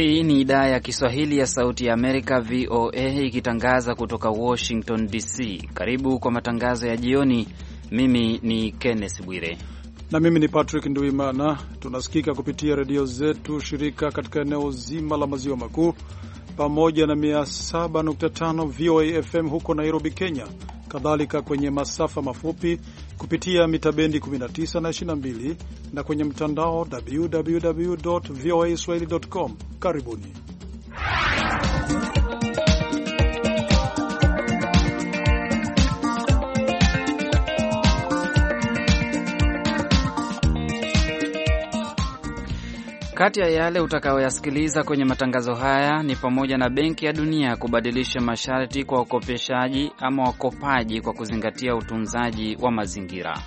Hii ni idhaa ya Kiswahili ya Sauti ya Amerika, VOA, ikitangaza kutoka Washington DC. Karibu kwa matangazo ya jioni. Mimi ni Kenneth Bwire na mimi ni Patrick Nduimana. Tunasikika kupitia redio zetu shirika katika eneo zima la maziwa makuu pamoja na 107.5 VOA FM huko Nairobi, Kenya, kadhalika kwenye masafa mafupi kupitia mitabendi 19 na 22 na kwenye mtandao www voa swahili com. Karibuni. Kati ya yale utakayoyasikiliza kwenye matangazo haya ni pamoja na Benki ya Dunia kubadilisha masharti kwa wakopeshaji ama wakopaji kwa kuzingatia utunzaji wa mazingira.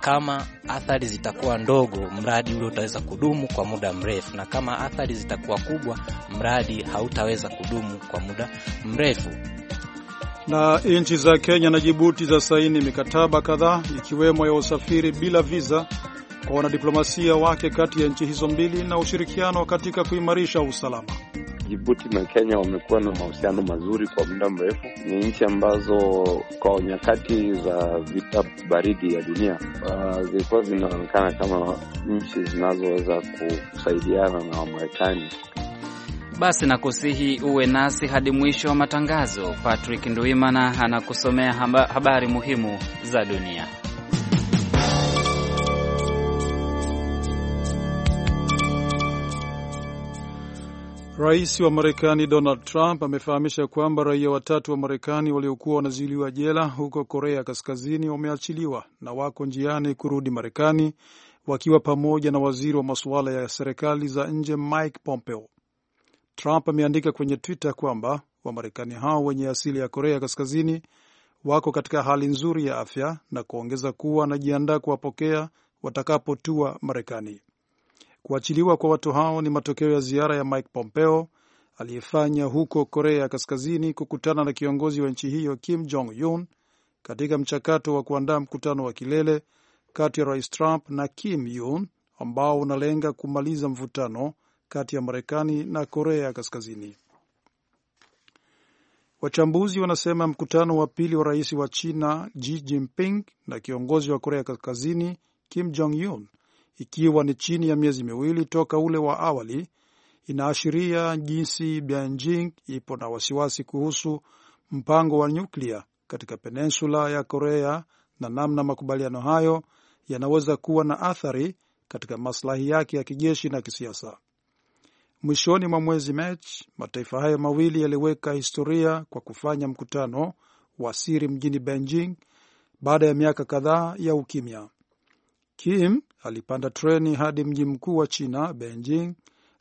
Kama athari zitakuwa ndogo, mradi ule utaweza kudumu kwa muda mrefu, na kama athari zitakuwa kubwa, mradi hautaweza kudumu kwa muda mrefu. Na nchi za Kenya na Jibuti za saini mikataba kadhaa ikiwemo ya usafiri bila viza kwa wanadiplomasia wake kati ya nchi hizo mbili na ushirikiano katika kuimarisha usalama. Jibuti na Kenya wamekuwa na mahusiano mazuri kwa muda mrefu. Ni nchi ambazo kwa nyakati za vita baridi ya dunia uh, zilikuwa zinaonekana kama nchi zinazoweza kusaidiana na Wamarekani. Basi nakusihi uwe nasi hadi mwisho wa matangazo. Patrick Ndwimana anakusomea habari muhimu za dunia. Rais wa Marekani Donald Trump amefahamisha kwamba raia watatu wa Marekani waliokuwa wanazuiliwa jela huko Korea Kaskazini wameachiliwa na wako njiani kurudi Marekani wakiwa pamoja na waziri wa masuala ya serikali za nje Mike Pompeo. Trump ameandika kwenye Twitter kwamba Wamarekani hao wenye asili ya Korea Kaskazini wako katika hali nzuri ya afya na kuongeza kuwa anajiandaa kuwapokea watakapotua Marekani. Kuachiliwa kwa watu hao ni matokeo ya ziara ya Mike Pompeo aliyefanya huko Korea ya Kaskazini kukutana na kiongozi wa nchi hiyo Kim Jong Un katika mchakato wa kuandaa mkutano wa kilele kati ya Rais Trump na Kim Yun ambao unalenga kumaliza mvutano kati ya Marekani na Korea ya Kaskazini. Wachambuzi wanasema mkutano wa pili wa rais wa China Xi Jinping na kiongozi wa Korea Kaskazini Kim Jong Un ikiwa ni chini ya miezi miwili toka ule wa awali, inaashiria jinsi Beijing ipo na wasiwasi kuhusu mpango wa nyuklia katika peninsula ya Korea na namna makubaliano hayo yanaweza kuwa na athari katika maslahi yake ya kijeshi na kisiasa. Mwishoni mwa mwezi Machi, mataifa hayo mawili yaliweka historia kwa kufanya mkutano wa siri mjini Beijing baada ya miaka kadhaa ya ukimya. Kim alipanda treni hadi mji mkuu wa China, Beijing,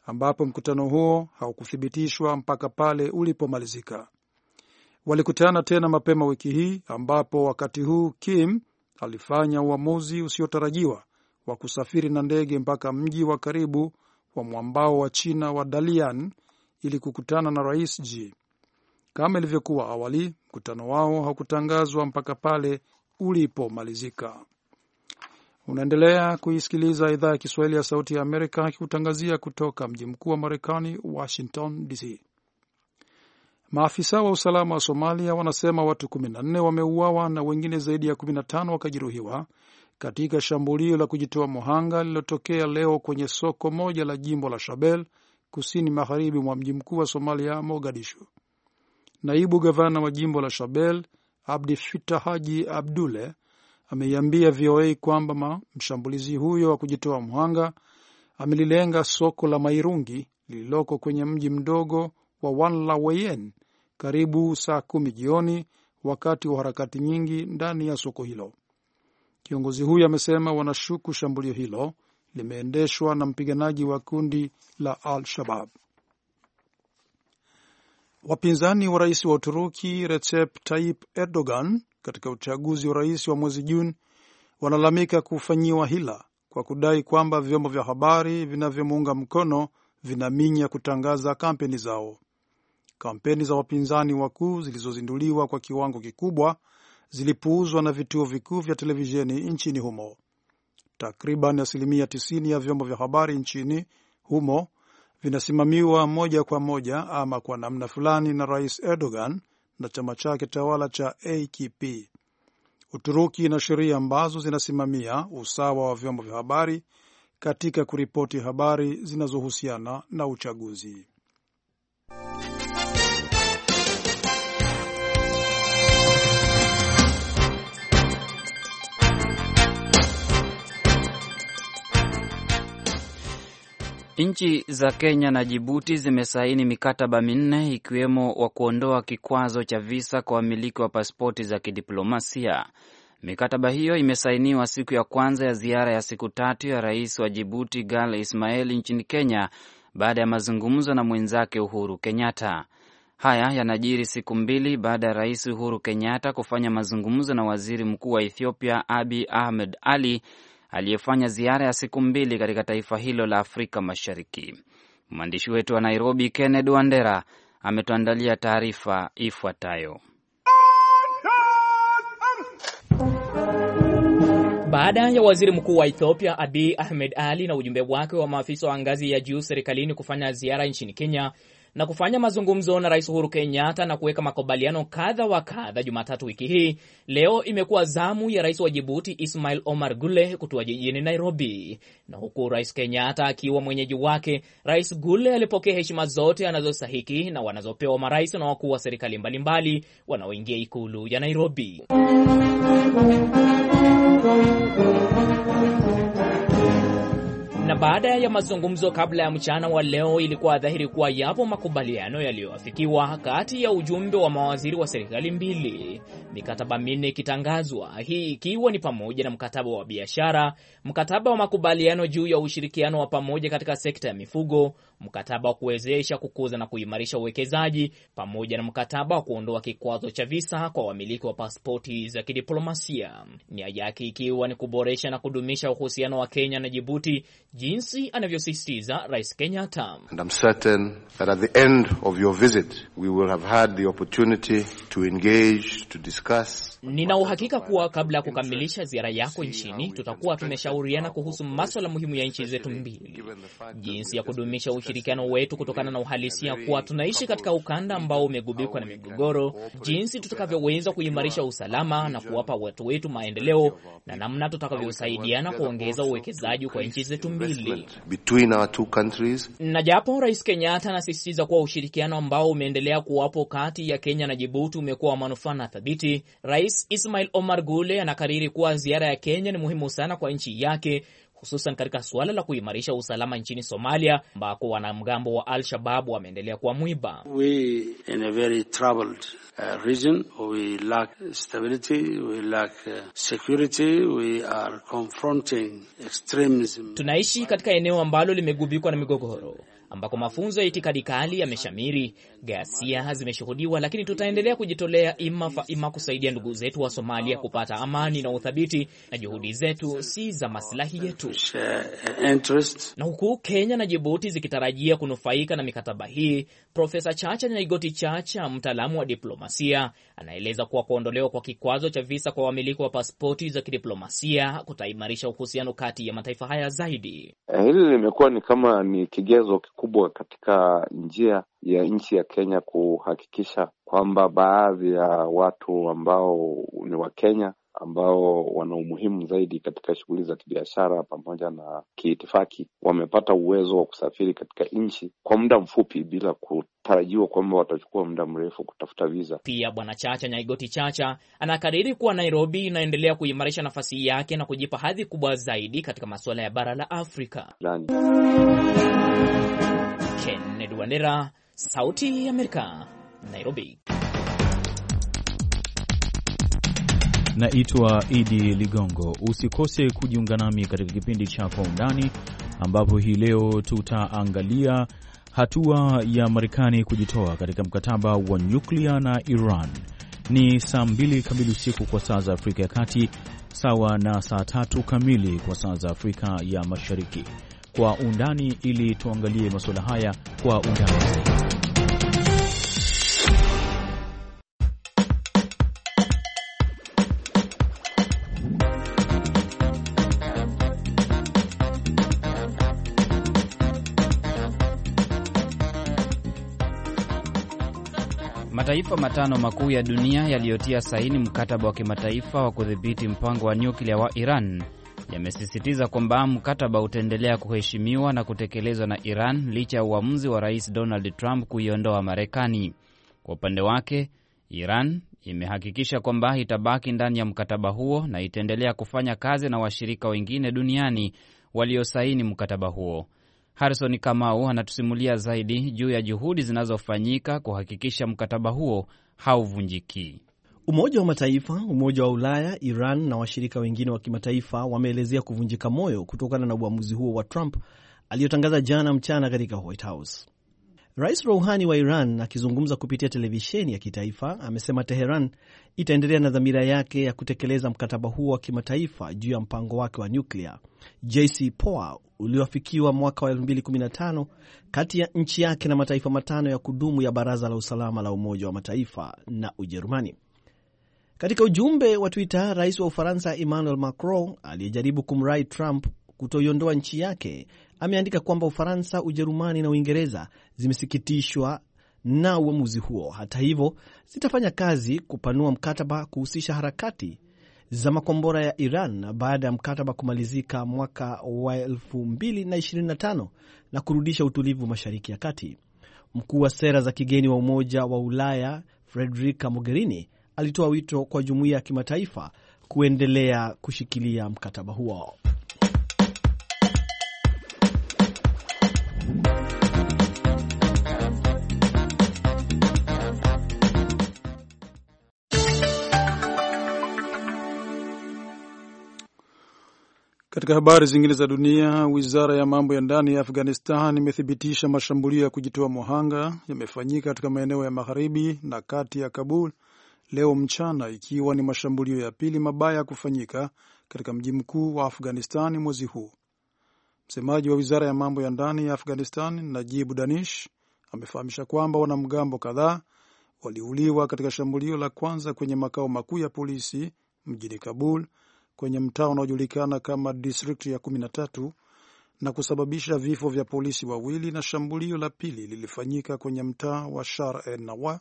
ambapo mkutano huo haukuthibitishwa mpaka pale ulipomalizika. Walikutana tena mapema wiki hii, ambapo wakati huu Kim alifanya uamuzi usiotarajiwa wa kusafiri na ndege mpaka mji wa karibu wa mwambao wa China wa Dalian ili kukutana na Rais Xi. Kama ilivyokuwa awali, mkutano wao haukutangazwa mpaka pale ulipomalizika. Unaendelea kuisikiliza idhaa ya Kiswahili ya Sauti ya Amerika ikikutangazia kutoka mji mkuu wa Marekani, Washington DC. Maafisa wa usalama wa Somalia wanasema watu 14 wameuawa na wengine zaidi ya 15 wakajeruhiwa katika shambulio la kujitoa mohanga lililotokea leo kwenye soko moja la jimbo la shabel kusini magharibi mwa mji mkuu wa Somalia, Mogadishu. Naibu gavana wa jimbo la shabel Abdi Fita Haji Abdule ameiambia VOA kwamba mshambulizi huyo wa kujitoa mhanga amelilenga soko la Mairungi lililoko kwenye mji mdogo wa Wanlaweyen karibu saa kumi jioni wakati wa harakati nyingi ndani ya soko hilo. Kiongozi huyo amesema wanashuku shambulio hilo limeendeshwa na mpiganaji wa kundi la Al-Shabab. Wapinzani wa rais wa Uturuki Recep Tayyip Erdogan katika uchaguzi wa rais wa mwezi Juni wanalalamika kufanyiwa hila kwa kudai kwamba vyombo vya habari vinavyomuunga mkono vinaminya kutangaza kampeni zao. Kampeni za wapinzani wakuu zilizozinduliwa kwa kiwango kikubwa zilipuuzwa na vituo vikuu vya televisheni nchini humo. Takriban asilimia 90 ya vyombo vya habari nchini humo vinasimamiwa moja kwa moja ama kwa namna fulani na Rais Erdogan na chama chake tawala cha AKP. Uturuki ina sheria ambazo zinasimamia usawa wa vyombo vya habari katika kuripoti habari zinazohusiana na uchaguzi. Nchi za Kenya na Jibuti zimesaini mikataba minne ikiwemo wa kuondoa kikwazo cha visa kwa wamiliki wa pasipoti za kidiplomasia. Mikataba hiyo imesainiwa siku ya kwanza ya ziara ya siku tatu ya rais wa Jibuti Gal Ismaeli nchini Kenya baada ya mazungumzo na mwenzake Uhuru Kenyatta. Haya yanajiri siku mbili baada ya rais Uhuru Kenyatta kufanya mazungumzo na waziri mkuu wa Ethiopia Abi Ahmed Ali aliyefanya ziara ya siku mbili katika taifa hilo la Afrika Mashariki. Mwandishi wetu wa Nairobi, Kennedy Wandera, ametuandalia taarifa ifuatayo. Baada ya waziri mkuu wa Ethiopia Abiy Ahmed Ali na ujumbe wake wa maafisa wa ngazi ya juu serikalini kufanya ziara nchini Kenya, na kufanya mazungumzo na Rais Uhuru Kenyatta na kuweka makubaliano kadha wa kadha Jumatatu wiki hii. Leo imekuwa zamu ya rais wa Jibuti Ismail Omar Gule kutua jijini Nairobi, na huku Rais Kenyatta akiwa mwenyeji wake, Rais Gule alipokea heshima zote anazostahiki na wanazopewa marais na wakuu wa serikali mbalimbali wanaoingia ikulu ya Nairobi na baada ya mazungumzo kabla ya mchana wa leo, ilikuwa dhahiri kuwa yapo makubaliano yaliyoafikiwa kati ya ujumbe wa mawaziri wa serikali mbili, mikataba minne ikitangazwa, hii ikiwa ni pamoja na mkataba wa biashara, mkataba wa makubaliano juu ya ushirikiano wa pamoja katika sekta ya mifugo, mkataba wa kuwezesha kukuza na kuimarisha uwekezaji pamoja na mkataba wa kuondoa kikwazo cha visa kwa wamiliki wa pasipoti za kidiplomasia, nia yake ikiwa ni kuboresha na kudumisha uhusiano wa Kenya na Jibuti, jinsi anavyosisitiza Rais Kenyatta. Nina uhakika kuwa kabla ya kukamilisha ziara yako nchini, tutakuwa tumeshauriana kuhusu maswala muhimu ya nchi zetu mbili, jinsi ya kudumisha ushirikiano ushirikiano wetu kutokana na uhalisia kuwa tunaishi katika ukanda ambao umegubikwa na migogoro, jinsi tutakavyoweza kuimarisha usalama na kuwapa watu wetu maendeleo na namna tutakavyosaidiana kuongeza uwekezaji kwa nchi zetu mbili. Na japo Rais Kenyatta anasisitiza kuwa ushirikiano ambao umeendelea kuwapo kati ya Kenya na Jibuti umekuwa wa manufaa na thabiti, Rais Ismail Omar Gule anakariri kuwa ziara ya Kenya ni muhimu sana kwa nchi yake hususan katika suala la kuimarisha usalama nchini Somalia ambako wanamgambo wa al shabab wameendelea kuwa mwiba. Tunaishi katika eneo ambalo limegubikwa na migogoro ambako mafunzo ya itikadi kali yameshamiri. Ghasia zimeshuhudiwa, lakini tutaendelea kujitolea ima, ima kusaidia ndugu zetu wa Somalia kupata amani na uthabiti, na juhudi zetu si za masilahi yetu. Na huku Kenya na Jibuti zikitarajia kunufaika na mikataba hii, Profesa Chacha Nyaigoti Chacha, mtaalamu wa diplomasia, anaeleza kuwa kuondolewa kwa kikwazo cha visa kwa wamiliki wa pasipoti za kidiplomasia kutaimarisha uhusiano kati ya mataifa haya zaidi. Eh, hili limekuwa ni kama ni kigezo kikuu kubwa katika njia ya nchi ya Kenya kuhakikisha kwamba baadhi ya watu ambao ni Wakenya ambao wana umuhimu zaidi katika shughuli za kibiashara pamoja na kiitifaki, wamepata uwezo wa kusafiri katika nchi kwa muda mfupi bila kutarajiwa kwamba watachukua muda mrefu kutafuta viza. Pia Bwana Chacha Nyaigoti Chacha anakariri kuwa Nairobi inaendelea kuimarisha nafasi yake na kujipa hadhi kubwa zaidi katika masuala ya bara la Afrika. Kennedy Wandera, Sauti ya Amerika, Nairobi. Naitwa Idi Ligongo. Usikose kujiunga nami katika kipindi cha Kwa Undani, ambapo hii leo tutaangalia hatua ya Marekani kujitoa katika mkataba wa nyuklia na Iran. Ni saa mbili kamili usiku kwa saa za Afrika ya Kati, sawa na saa tatu kamili kwa saa za Afrika ya Mashariki. Kwa Undani, ili tuangalie masuala haya kwa undani zaidi. mataifa matano makuu ya dunia yaliyotia saini mkataba wa kimataifa wa kudhibiti mpango wa nyuklia wa Iran yamesisitiza kwamba mkataba utaendelea kuheshimiwa na kutekelezwa na Iran licha ya uamuzi wa Rais Donald Trump kuiondoa Marekani. Kwa upande wake, Iran imehakikisha kwamba itabaki ndani ya mkataba huo na itaendelea kufanya kazi na washirika wengine duniani waliosaini mkataba huo. Harrison Kamau anatusimulia zaidi juu ya juhudi zinazofanyika kuhakikisha mkataba huo hauvunjiki. Umoja wa Mataifa, Umoja wa Ulaya, Iran na washirika wengine wa kimataifa wameelezea kuvunjika moyo kutokana na uamuzi huo wa Trump aliyotangaza jana mchana katika White House. Rais Rouhani wa Iran akizungumza kupitia televisheni ya kitaifa amesema Teheran itaendelea na dhamira yake ya kutekeleza mkataba huo wa kimataifa juu ya mpango wake wa nyuklia JCPOA uliofikiwa mwaka wa 2015 kati ya nchi yake na mataifa matano ya kudumu ya Baraza la Usalama la Umoja wa Mataifa na Ujerumani. Katika ujumbe wa Twitter, rais wa Ufaransa Emmanuel Macron aliyejaribu kumrai Trump kutoiondoa nchi yake ameandika kwamba Ufaransa, Ujerumani na Uingereza zimesikitishwa na uamuzi huo, hata hivyo, zitafanya kazi kupanua mkataba kuhusisha harakati za makombora ya Iran baada ya mkataba kumalizika mwaka wa 2025 na kurudisha utulivu Mashariki ya Kati. Mkuu wa sera za kigeni wa Umoja wa Ulaya Frederica Mogherini alitoa wito kwa jumuiya ya kimataifa kuendelea kushikilia mkataba huo. Katika habari zingine za dunia, wizara ya mambo ya ndani ya Afghanistan imethibitisha mashambulio ya kujitoa muhanga yamefanyika katika maeneo ya magharibi na kati ya Kabul leo mchana, ikiwa ni mashambulio ya pili mabaya ya kufanyika katika mji mkuu wa Afghanistan mwezi huu. Msemaji wa wizara ya mambo ya ndani ya Afghanistan, Najibu Danish, amefahamisha kwamba wanamgambo kadhaa waliuliwa katika shambulio la kwanza kwenye makao makuu ya polisi mjini Kabul kwenye mtaa unaojulikana kama distrikti ya 13 na kusababisha vifo vya polisi wawili, na shambulio la pili lilifanyika kwenye mtaa wa Shar en Nawa,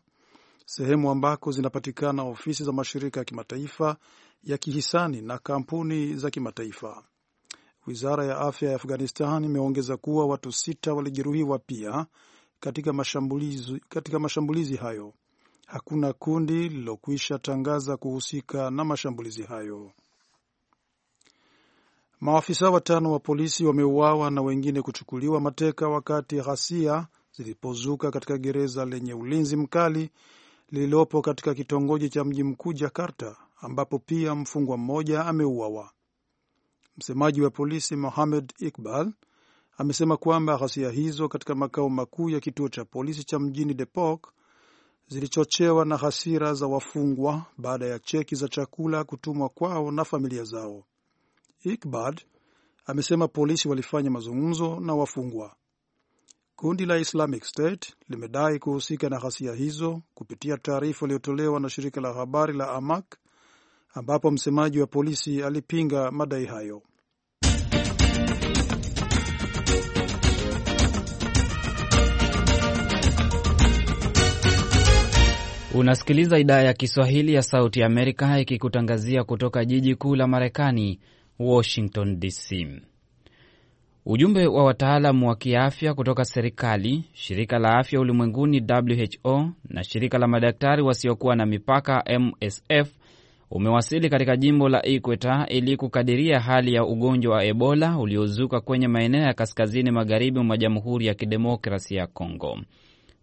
sehemu ambako zinapatikana ofisi za mashirika ya kimataifa ya kihisani na kampuni za kimataifa. Wizara ya afya ya Afghanistan imeongeza kuwa watu sita walijeruhiwa pia katika mashambulizi, katika mashambulizi hayo. Hakuna kundi lililokwisha tangaza kuhusika na mashambulizi hayo. Maafisa watano wa polisi wameuawa na wengine kuchukuliwa mateka wakati ghasia zilipozuka katika gereza lenye ulinzi mkali lililopo katika kitongoji cha mji mkuu Jakarta, ambapo pia mfungwa mmoja ameuawa. Msemaji wa polisi Mohamed Iqbal amesema kwamba ghasia hizo katika makao makuu ya kituo cha polisi cha mjini Depok zilichochewa na hasira za wafungwa baada ya cheki za chakula kutumwa kwao na familia zao. Ikbad amesema polisi walifanya mazungumzo na wafungwa. Kundi la Islamic State limedai kuhusika na ghasia hizo kupitia taarifa iliyotolewa na shirika la habari la Amak, ambapo msemaji wa polisi alipinga madai hayo. Unasikiliza idhaa ya Kiswahili ya Sauti ya Amerika ikikutangazia kutoka jiji kuu la Marekani, Washington DC. Ujumbe wa wataalamu wa kiafya kutoka serikali, shirika la afya ulimwenguni WHO na shirika la madaktari wasiokuwa na mipaka MSF umewasili katika jimbo la Ikweta ili kukadiria hali ya ugonjwa wa Ebola uliozuka kwenye maeneo ya kaskazini magharibi mwa Jamhuri ya Kidemokrasia ya Kongo.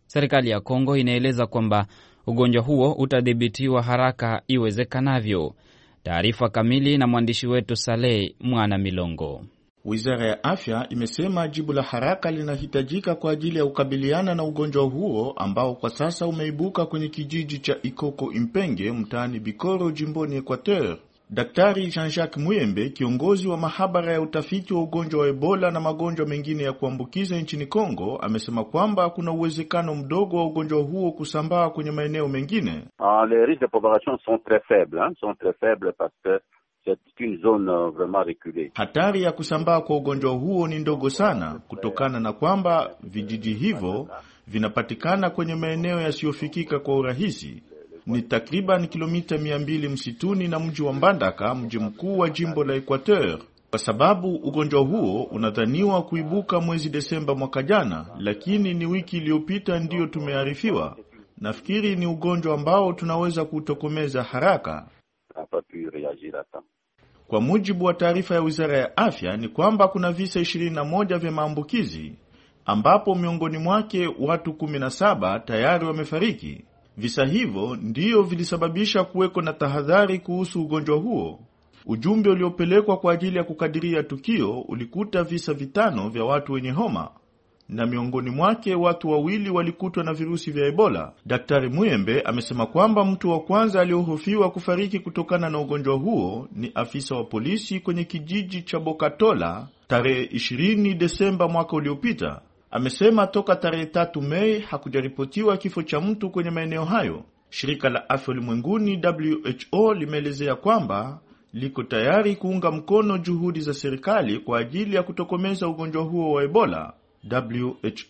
Serikali ya Kongo inaeleza kwamba ugonjwa huo utadhibitiwa haraka iwezekanavyo. Taarifa kamili na mwandishi wetu Saleh Mwana Milongo. Wizara ya afya imesema jibu la haraka linahitajika kwa ajili ya kukabiliana na ugonjwa huo ambao kwa sasa umeibuka kwenye kijiji cha Ikoko Impenge mtaani Bikoro jimboni Equateur. Daktari Jean-Jacques Muyembe, kiongozi wa mahabara ya utafiti wa ugonjwa wa Ebola na magonjwa mengine ya kuambukiza nchini congo amesema kwamba kuna uwezekano mdogo wa ugonjwa huo kusambaa kwenye maeneo mengine. Ah, les risques de propagation sont faibles, hein, sont faibles parce que euh, hatari ya kusambaa kwa ugonjwa huo ni ndogo sana kutokana na kwamba vijiji hivyo vinapatikana kwenye maeneo yasiyofikika kwa urahisi ni takriban kilomita 200 msituni na mji wa Mbandaka, mji mkuu wa jimbo la Equateur, kwa sababu ugonjwa huo unadhaniwa kuibuka mwezi Desemba mwaka jana, lakini ni wiki iliyopita ndiyo tumearifiwa. Nafikiri ni ugonjwa ambao tunaweza kutokomeza haraka. Kwa mujibu wa taarifa ya Wizara ya Afya ni kwamba kuna visa 21 vya maambukizi ambapo miongoni mwake watu 17 tayari wamefariki. Visa hivyo ndiyo vilisababisha kuweko na tahadhari kuhusu ugonjwa huo. Ujumbe uliopelekwa kwa ajili ya kukadiria tukio ulikuta visa vitano vya watu wenye homa na miongoni mwake watu wawili walikutwa na virusi vya Ebola. Daktari Muyembe amesema kwamba mtu wa kwanza aliyehofiwa kufariki kutokana na ugonjwa huo ni afisa wa polisi kwenye kijiji cha Bokatola tarehe 20 Desemba mwaka uliopita amesema toka tarehe tatu Mei hakujaripotiwa kifo cha mtu kwenye maeneo hayo. Shirika la afya ulimwenguni WHO limeelezea kwamba liko tayari kuunga mkono juhudi za serikali kwa ajili ya kutokomeza ugonjwa huo wa Ebola.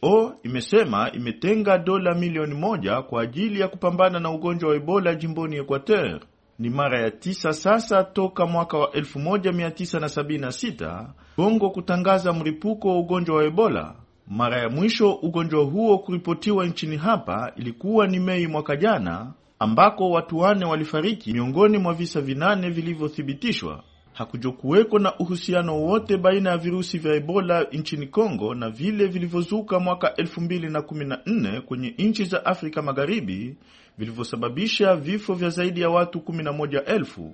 WHO imesema imetenga dola milioni moja kwa ajili ya kupambana na ugonjwa wa Ebola jimboni Equateur. Ni mara ya tisa sasa toka mwaka wa 1976 Kongo kutangaza mlipuko wa ugonjwa wa Ebola. Mara ya mwisho ugonjwa huo kuripotiwa nchini hapa ilikuwa ni Mei mwaka jana, ambako watu wane walifariki miongoni mwa visa vinane vilivyothibitishwa. Hakujokuweko na uhusiano wote baina ya virusi vya Ebola nchini Kongo na vile vilivyozuka mwaka 2014 kwenye nchi za Afrika Magharibi vilivyosababisha vifo vya zaidi ya watu 11,000.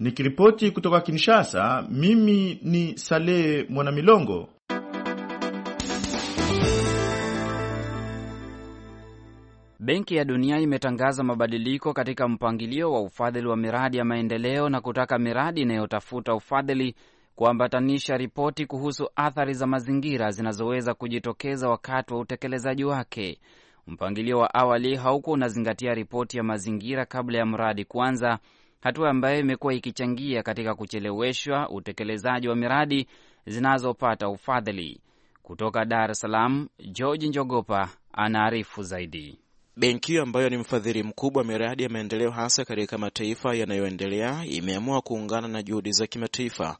Nikiripoti kutoka Kinshasa, mimi ni Saleh Mwanamilongo. Benki ya Dunia imetangaza mabadiliko katika mpangilio wa ufadhili wa miradi ya maendeleo na kutaka miradi inayotafuta ufadhili kuambatanisha ripoti kuhusu athari za mazingira zinazoweza kujitokeza wakati wa utekelezaji wake. Mpangilio wa awali haukuwa unazingatia ripoti ya mazingira kabla ya mradi kuanza, hatua ambayo imekuwa ikichangia katika kucheleweshwa utekelezaji wa miradi zinazopata ufadhili. Kutoka Dar es Salaam, George Njogopa anaarifu zaidi. Benki hiyo ambayo ni mfadhili mkubwa wa miradi ya maendeleo hasa katika mataifa yanayoendelea imeamua kuungana na juhudi za kimataifa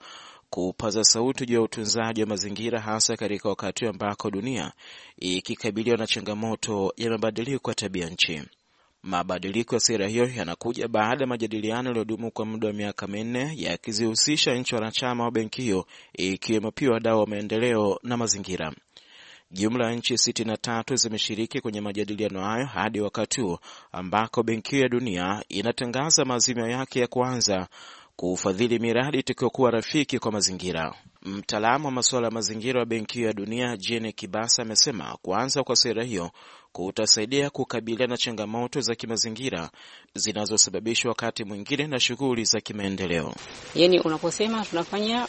kupaza sauti juu ya utunzaji wa mazingira hasa katika wakati ambako dunia ikikabiliwa na changamoto ya mabadiliko ya tabia nchi. Mabadiliko ya sera hiyo yanakuja baada ya majadiliano yaliyodumu kwa muda wa miaka minne yakizihusisha nchi wanachama wa benki hiyo ikiwemo pia wadau wa maendeleo na mazingira. Jumla ya nchi 63 zimeshiriki kwenye majadiliano hayo hadi wakati huu ambako Benki ya Dunia inatangaza maazimio yake ya kwanza kufadhili miradi tukiyokuwa rafiki kwa mazingira. Mtaalamu wa masuala ya mazingira wa Benki ya Dunia Jene Kibasa amesema kuanza kwa sera hiyo kutasaidia kukabiliana na changamoto za kimazingira zinazosababishwa wakati mwingine na shughuli za kimaendeleo. Yani unaposema tunafanya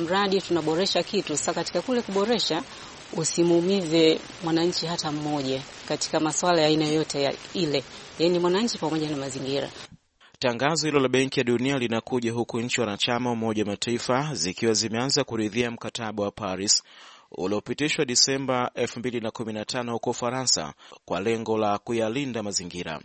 mradi tunaboresha kitu, sasa katika kule kuboresha usimuumize mwananchi hata mmoja katika masuala ya aina yoyote ya ile, yaani mwananchi pamoja na mazingira. Tangazo hilo la Benki ya Dunia linakuja huku nchi wanachama Umoja wa Mataifa zikiwa zimeanza kuridhia mkataba wa Paris uliopitishwa Disemba 2015 huko Ufaransa kwa lengo la kuyalinda mazingira.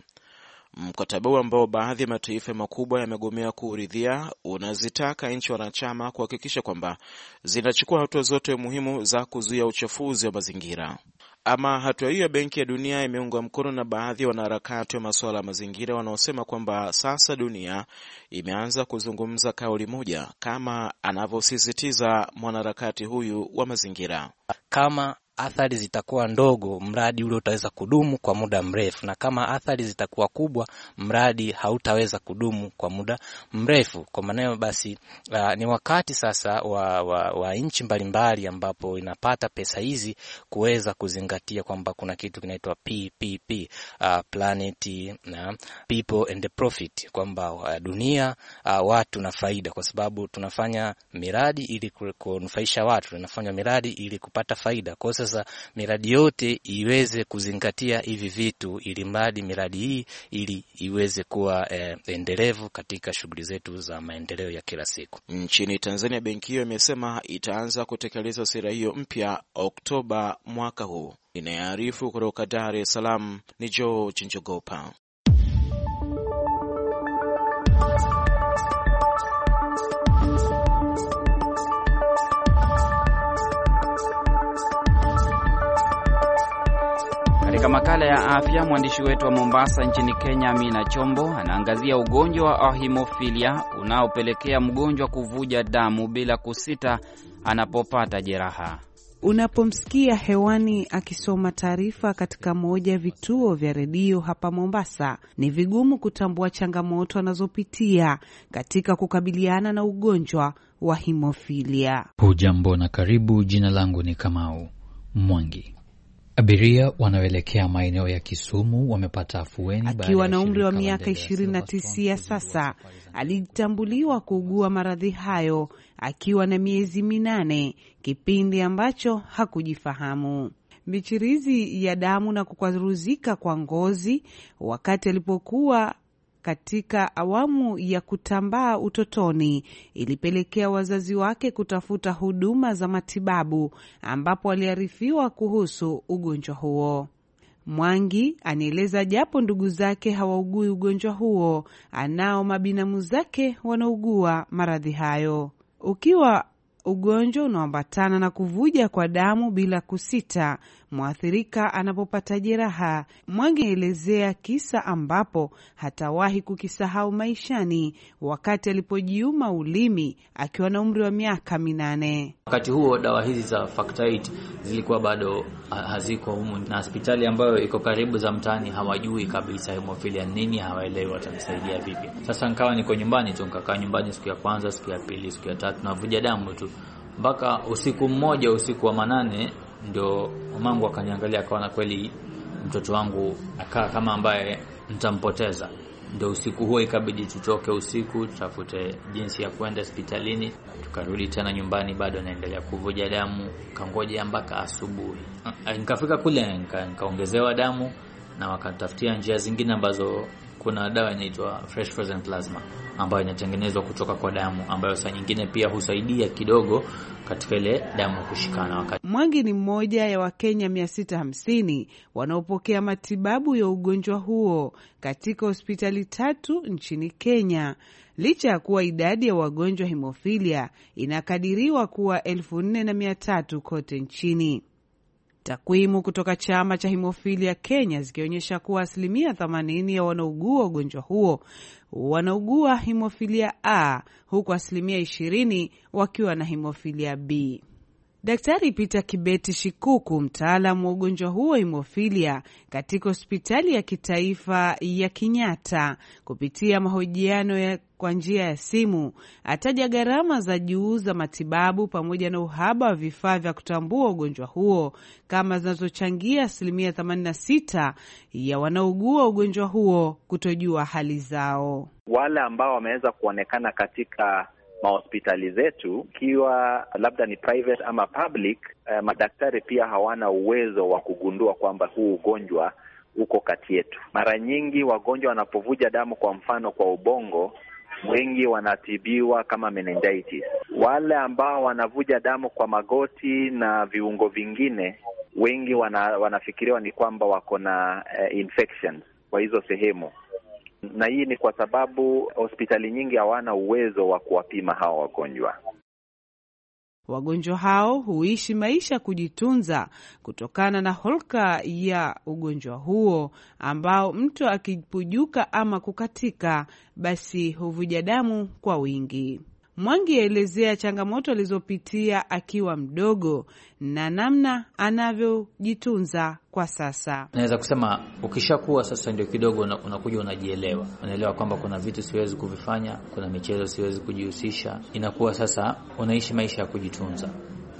Mkataba huu ambao baadhi ya mataifa makubwa yamegomea kuuridhia unazitaka nchi wanachama kuhakikisha kwamba zinachukua hatua zote muhimu za kuzuia uchafuzi wa mazingira. Ama hatua hiyo ya Benki ya Dunia imeungwa mkono na baadhi ya wanaharakati wa masuala ya mazingira wanaosema kwamba sasa dunia imeanza kuzungumza kauli moja, kama anavyosisitiza mwanaharakati huyu wa mazingira. Kama athari zitakuwa ndogo mradi ule utaweza kudumu kwa muda mrefu, na kama athari zitakuwa kubwa mradi hautaweza kudumu kwa muda mrefu. Kwa maana basi, uh, ni wakati sasa wa, wa, wa nchi mbalimbali ambapo inapata pesa hizi kuweza kuzingatia kwamba kuna kitu kinaitwa PPP, uh, ah, planet na people and profit, kwamba uh, dunia uh, watu na faida, kwa sababu tunafanya miradi ili kunufaisha watu, tunafanya miradi ili kupata faida kwa sasa miradi yote iweze kuzingatia hivi vitu, ili mradi miradi hii ili iweze kuwa eh, endelevu katika shughuli zetu za maendeleo ya kila siku nchini Tanzania. Benki hiyo imesema itaanza kutekeleza sera hiyo mpya Oktoba mwaka huu. Inayoarifu kutoka Dar es Salaam ni Joe Njogopa. Katika makala ya afya, mwandishi wetu wa Mombasa nchini Kenya, Amina Chombo, anaangazia ugonjwa wa himofilia unaopelekea mgonjwa kuvuja damu bila kusita anapopata jeraha. Unapomsikia hewani akisoma taarifa katika moja ya vituo vya redio hapa Mombasa, ni vigumu kutambua changamoto anazopitia katika kukabiliana na ugonjwa wa himofilia. Hujambo na karibu. Jina langu ni Kamau Mwangi. Abiria wanaoelekea maeneo ya Kisumu wamepata afueni. Akiwa na umri wa miaka 29 sasa, alitambuliwa kuugua maradhi hayo akiwa na miezi minane, kipindi ambacho hakujifahamu. Michirizi ya damu na kukwaruzika kwa ngozi wakati alipokuwa katika awamu ya kutambaa utotoni ilipelekea wazazi wake kutafuta huduma za matibabu ambapo aliarifiwa kuhusu ugonjwa huo. Mwangi anaeleza japo ndugu zake hawaugui ugonjwa huo, anao mabinamu zake wanaugua maradhi hayo. Ukiwa ugonjwa unaoambatana na kuvuja kwa damu bila kusita, mwathirika anapopata jeraha. Mwangi aelezea kisa ambapo hatawahi kukisahau maishani, wakati alipojiuma ulimi akiwa na umri wa miaka minane. Wakati huo dawa hizi za Factor zilikuwa bado haziko humu, na hospitali ambayo iko karibu za mtaani hawajui kabisa hemofilia nini, hawaelewi watamsaidia vipi. Sasa nkawa niko nyumbani tu, nkakaa nyumbani siku ya kwanza, siku ya pili, siku ya tatu, navuja damu tu mpaka usiku mmoja, usiku wa manane, ndio mamangu akaniangalia akaona kweli mtoto wangu akaa kama ambaye nitampoteza. Ndio usiku huo ikabidi tutoke usiku tutafute jinsi ya kwenda hospitalini. Tukarudi tena nyumbani, bado anaendelea kuvuja damu, kangoja mpaka asubuhi. Nikafika kule nikaongezewa damu na wakatafutia njia zingine ambazo kuna dawa inaitwa fresh frozen plasma ambayo inatengenezwa kutoka kwa damu ambayo saa nyingine pia husaidia kidogo katika ile damu kushikana. Wakati Mwangi ni mmoja ya Wakenya 650 wanaopokea matibabu ya ugonjwa huo katika hospitali tatu nchini Kenya, licha ya kuwa idadi ya wagonjwa himofilia inakadiriwa kuwa elfu nne na mia tatu kote nchini. Takwimu kutoka chama cha himofilia Kenya zikionyesha kuwa asilimia 80 ya wanaugua ugonjwa huo wanaugua himofilia A huku asilimia 20 wakiwa na himofilia B. Daktari Peter Kibeti Shikuku, mtaalamu wa ugonjwa huo hemofilia, katika hospitali ya kitaifa ya Kenyatta, kupitia mahojiano ya kwa njia ya simu, ataja gharama za juu za matibabu pamoja na uhaba wa vifaa vya kutambua ugonjwa huo kama zinazochangia asilimia 86 ya wanaougua ugonjwa huo kutojua hali zao. Wale ambao wameweza kuonekana katika mahospitali zetu, ikiwa labda ni private ama public, eh, madaktari pia hawana uwezo wa kugundua kwamba huu ugonjwa uko kati yetu. Mara nyingi wagonjwa wanapovuja damu, kwa mfano kwa ubongo wengi wanatibiwa kama meningitis. Wale ambao wanavuja damu kwa magoti na viungo vingine, wengi wana, wanafikiriwa ni kwamba wako na uh, kwa hizo sehemu, na hii ni kwa sababu hospitali nyingi hawana uwezo wa kuwapima hawa wagonjwa. Wagonjwa hao huishi maisha kujitunza kutokana na holka ya ugonjwa huo ambao mtu akipujuka ama kukatika, basi huvuja damu kwa wingi. Mwangi aelezea changamoto alizopitia akiwa mdogo na namna anavyojitunza kwa sasa. Naweza kusema ukishakuwa sasa, ndio kidogo unakuja unajielewa, unaelewa kwamba kuna vitu siwezi kuvifanya, kuna michezo siwezi kujihusisha. Inakuwa sasa unaishi maisha ya kujitunza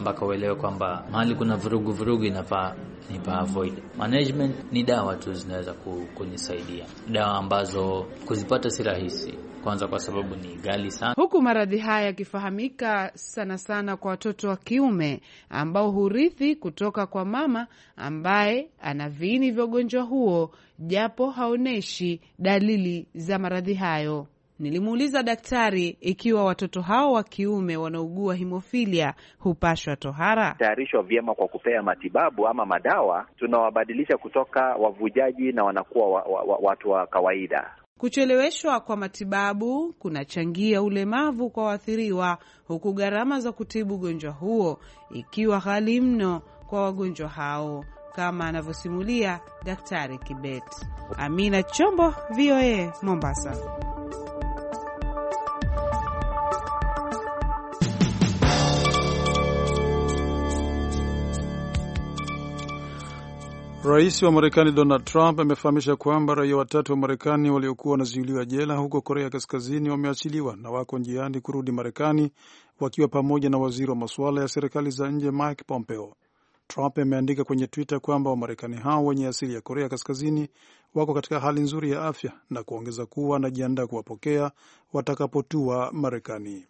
mpaka uelewe kwamba mahali kuna vurugu vurugu inafaa nipa avoid. Management ni dawa tu zinaweza kunisaidia, dawa ambazo kuzipata si rahisi kwanza kwa sababu ni ghali sana, huku maradhi haya yakifahamika sana sana kwa watoto wa kiume ambao hurithi kutoka kwa mama ambaye ana viini vya ugonjwa huo, japo haoneshi dalili za maradhi hayo. Nilimuuliza daktari ikiwa watoto hao wa kiume wanaugua himofilia hupashwa tohara, tayarishwa vyema kwa kupea matibabu ama madawa. Tunawabadilisha kutoka wavujaji na wanakuwa wa, wa, wa, watu wa kawaida. Kucheleweshwa kwa matibabu kunachangia ulemavu kwa waathiriwa, huku gharama za kutibu ugonjwa huo ikiwa ghali mno kwa wagonjwa hao, kama anavyosimulia Daktari Kibet. Amina Chombo, VOA Mombasa. Rais wa Marekani Donald Trump amefahamisha kwamba raia watatu wa Marekani waliokuwa wanazuiliwa jela huko Korea Kaskazini wameachiliwa na wako njiani kurudi Marekani wakiwa pamoja na waziri wa masuala ya serikali za nje Mike Pompeo. Trump ameandika kwenye Twitter kwamba Wamarekani hao wenye asili ya Korea Kaskazini wako katika hali nzuri ya afya na kuongeza kuwa anajiandaa kuwapokea watakapotua Marekani.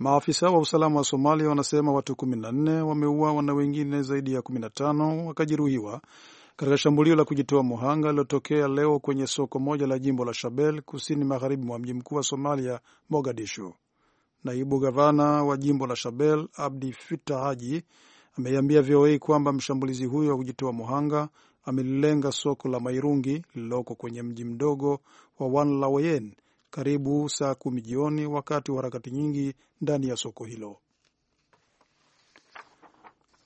Maafisa wa usalama wa Somalia wanasema watu 14 wameuawa na wengine zaidi ya 15 wakajeruhiwa katika shambulio la kujitoa muhanga lililotokea leo kwenye soko moja la jimbo la shabel kusini magharibi mwa mji mkuu wa Somalia, Mogadishu. Naibu gavana wa jimbo la shabel Abdi Fita Haji ameiambia VOA kwamba mshambulizi huyo wa kujitoa muhanga amelilenga soko la Mairungi lililoko kwenye mji mdogo wa Wanlawayen karibu saa kumi jioni, wakati wa harakati nyingi ndani ya soko hilo.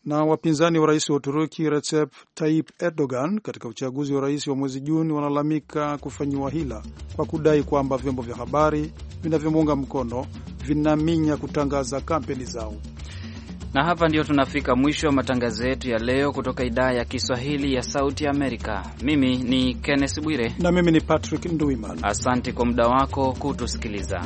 Na wapinzani wa rais wa Uturuki Recep Tayyip Erdogan katika uchaguzi wa rais wa mwezi Juni wanalalamika kufanyiwa hila kwa kudai kwamba vyombo vya habari vinavyomuunga mkono vinaminya kutangaza kampeni zao. Na hapa ndio tunafika mwisho wa matangazo yetu ya leo kutoka idhaa ya Kiswahili ya Sauti ya Amerika. Mimi ni Kenneth Bwire na mimi ni Patrick nduiman Asante kwa muda wako kutusikiliza.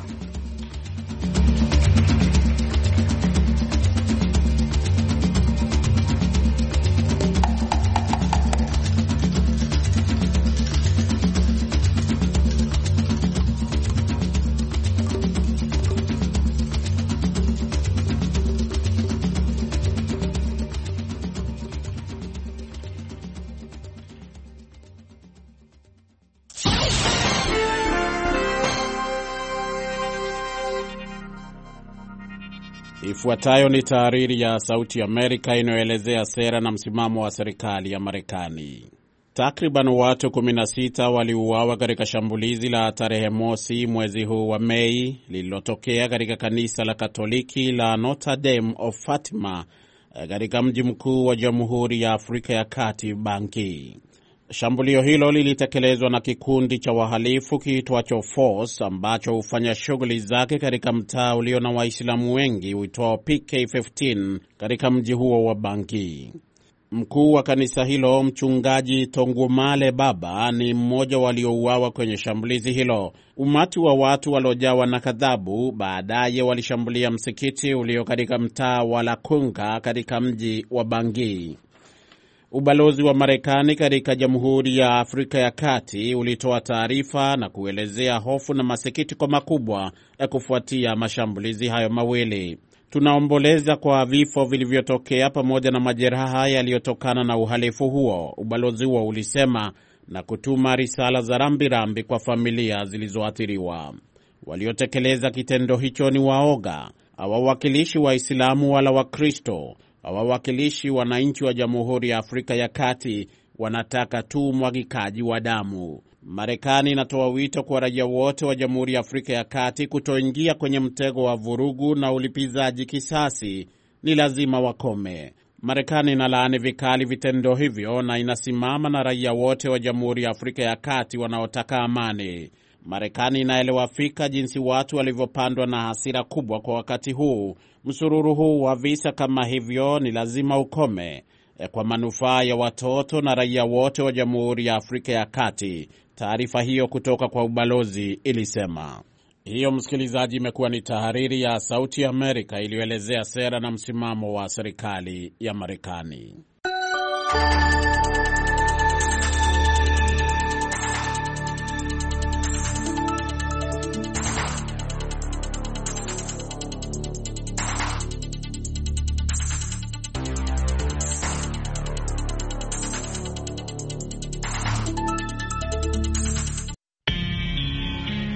Ifuatayo ni tahariri ya Sauti Amerika inayoelezea sera na msimamo wa serikali ya Marekani. Takriban watu 16 waliuawa katika shambulizi la tarehe mosi mwezi huu wa Mei lililotokea katika kanisa la Katoliki la Notre Dame of Fatima eh, katika mji mkuu wa Jamhuri ya Afrika ya Kati, Bangui. Shambulio hilo lilitekelezwa na kikundi cha wahalifu kiitwacho Force ambacho hufanya shughuli zake katika mtaa ulio na Waislamu wengi uitwao PK15 katika mji huo wa Bangi. Mkuu wa kanisa hilo Mchungaji Tongumale Baba ni mmoja waliouawa kwenye shambulizi hilo. Umati wa watu waliojawa na kadhabu baadaye walishambulia msikiti ulio katika mtaa wa Lakunga katika mji wa Bangi. Ubalozi wa Marekani katika Jamhuri ya Afrika ya Kati ulitoa taarifa na kuelezea hofu na masikitiko makubwa ya kufuatia mashambulizi hayo mawili. Tunaomboleza kwa vifo vilivyotokea pamoja na majeraha yaliyotokana na uhalifu huo, ubalozi huo ulisema, na kutuma risala za rambirambi kwa familia zilizoathiriwa. Waliotekeleza kitendo hicho ni waoga, hawawakilishi Waislamu wala Wakristo Wawakilishi wananchi wa Jamhuri ya Afrika ya Kati wanataka tu umwagikaji wa damu. Marekani inatoa wito kwa raia wote wa Jamhuri ya Afrika ya Kati kutoingia kwenye mtego wa vurugu na ulipizaji kisasi. Ni lazima wakome. Marekani inalaani vikali vitendo hivyo na inasimama na raia wote wa Jamhuri ya Afrika ya Kati wanaotaka amani. Marekani inaelewa Afrika jinsi watu walivyopandwa na hasira kubwa kwa wakati huu. Msururu huu wa visa kama hivyo ni lazima ukome eh, kwa manufaa ya watoto na raia wote wa Jamhuri ya Afrika ya Kati, taarifa hiyo kutoka kwa ubalozi ilisema. Hiyo, msikilizaji, imekuwa ni tahariri ya Sauti ya Amerika iliyoelezea sera na msimamo wa serikali ya Marekani.